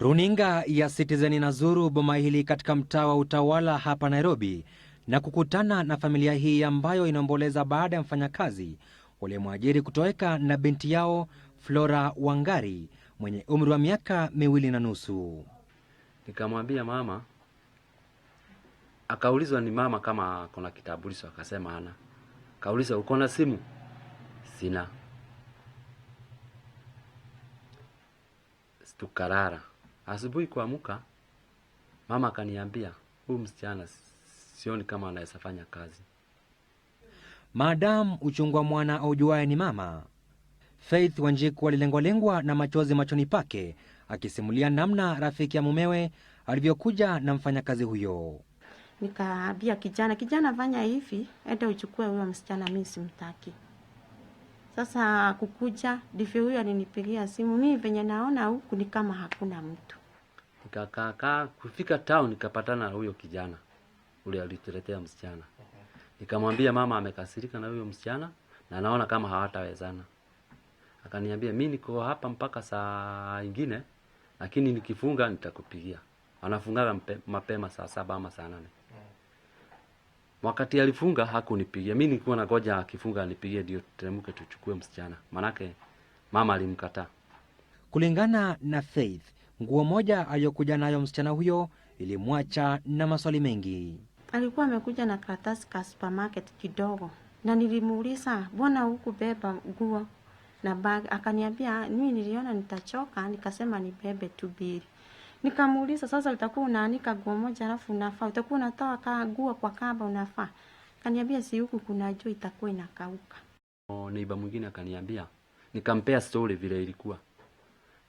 Runinga ya Citizen inazuru boma hili katika mtaa wa Utawala hapa Nairobi na kukutana na familia hii ambayo inaomboleza baada ya mfanyakazi waliyemwajiri kutoweka na binti yao Flora Wangari mwenye umri wa miaka miwili na nusu. Nikamwambia mama, akaulizwa ni mama kama kuna kitambulisho, akasema ana Kaulizwa uko na simu? Sina. stukarara Asubuhi kuamka, mama akaniambia, huyu msichana sioni kama anaweza fanya kazi. Maadamu uchungwa mwana aujuaye ni mama. Faith Wanjiku alilengwalengwa na machozi machoni pake akisimulia namna rafiki ya mumewe alivyokuja na mfanyakazi huyo. Nikaambia kijana, kijana fanya hivi, ende uchukue huyo msichana, mi simtaki. Sasa kukuja ndivyo huyo alinipigia simu, mimi venye naona huku ni kama hakuna mtu Nikakaakaa kufika town nikapatana na huyo kijana ule alituletea msichana. Nikamwambia mama amekasirika na huyo msichana na naona kama hawatawezana. Akaniambia mimi niko hapa mpaka saa ingine lakini nikifunga nitakupigia. Anafungaga mapema saa saba ama saa nane. Wakati alifunga hakunipigia. Mimi nilikuwa nangoja akifunga anipigie ndio tuteremke tuchukue msichana. Manake mama alimkataa. Kulingana na Faith, Nguo moja aliyokuja nayo msichana huyo ilimwacha na maswali mengi. Alikuwa amekuja na karatasi ka supermarket kidogo, na nilimuuliza mbona hukubeba nguo na bag? Akaniambia mimi niliona nitachoka, nikasema nibebe tu bili. Nikamuuliza, sasa utakuwa unaanika nguo moja alafu unafaa utakuwa unatoa ka nguo kwa kamba unafaa? Akaniambia si huku kuna jua itakuwa inakauka. Neiba mwingine akaniambia, nikampea story vile ilikuwa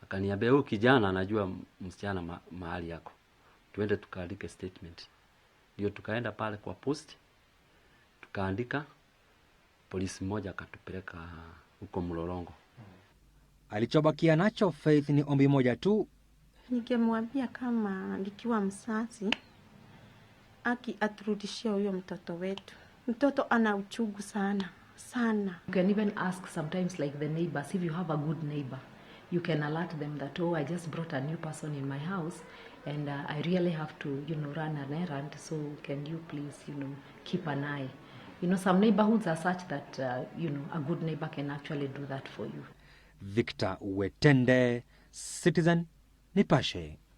Akaniambia huyu kijana anajua msichana ma, mahali yako, tuende tukaandike statement. Ndio tukaenda pale kwa post tukaandika, polisi mmoja akatupeleka huko Mlolongo. Alichobakia nacho Faith ni ombi moja tu, ningemwambia kama nikiwa msasi aki aturudishia huyo mtoto wetu. Mtoto ana uchungu sana sana. You can even ask sometimes like the neighbors if you have a good neighbor you can alert them that oh i just brought a new person in my house and uh, i really have to you know run an errand so can you please you know keep an eye you know some neighborhoods are such that uh, you know a good neighbor can actually do that for you victor wetende citizen nipashe